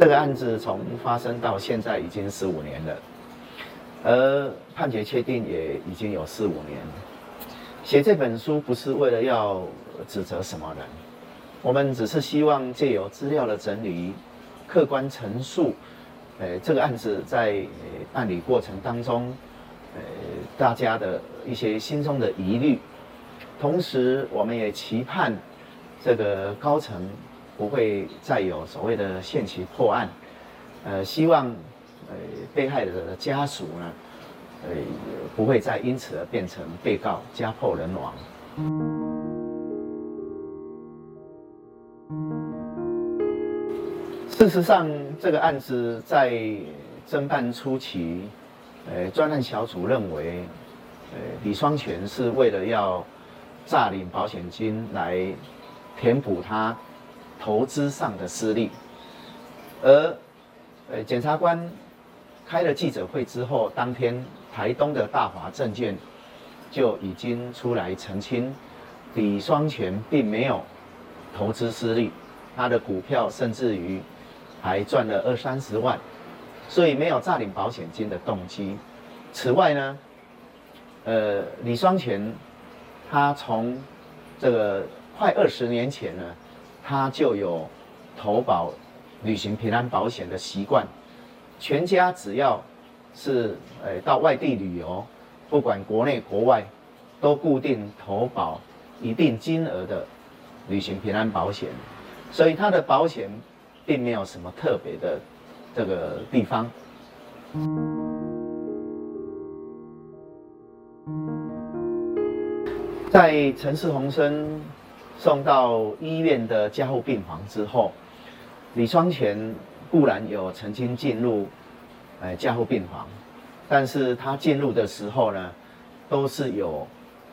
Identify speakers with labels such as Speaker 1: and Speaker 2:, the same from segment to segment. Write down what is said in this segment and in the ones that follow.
Speaker 1: 這個案子從發生到現在已經十五年了，而判決確定也已經有四五年。寫這本書不是為了要指責什麼人，我們只是希望借由資料的整理、客觀陳述，呃，這個案子在、呃、辦理過程當中，呃，大家的一些心中的疑慮。同時，我們也期盼這個高層不會再有所謂的限期破案，呃，希望呃被害者的家屬呢，呃，不會再因此而變成被告，家破人亡。事實上，這個案子在偵辦初期，呃，專案小組認為，呃，李雙全是為了要詐領保險金來填補他。投資上的失利，而呃，檢察官開了記者會之後，當天台東的大華證券就已經出來澄清，李雙全並沒有投資失利，他的股票甚至於還賺了二三十萬，所以沒有詐領保險金的動機。此外呢，呃，李雙全他從這個快二十年前呢。他就有投保旅行平安保險的習慣，全家只要是呃到外地旅遊，不管國內國外，都固定投保一定金額的旅行平安保險，所以他的保險並沒有什麼特別的這個地方。在陳氏紅琛送到醫院的加護病房之後，李雙全固然有曾經進入，呃，加護病房，但是他進入的時候呢，都是有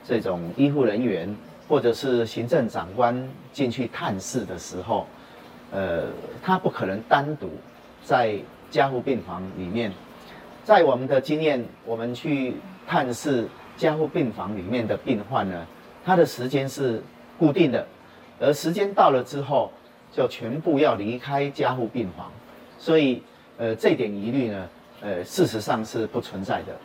Speaker 1: 這種醫護人員或者是行政長官進去探視的時候，呃，他不可能單獨在加護病房裡面。在我們的經驗，我們去探視加護病房裡面的病患呢，他的時間是。固定的，而時間到了之後，就全部要離開加護病房，所以，呃，這點疑慮呢，呃，事實上是不存在的。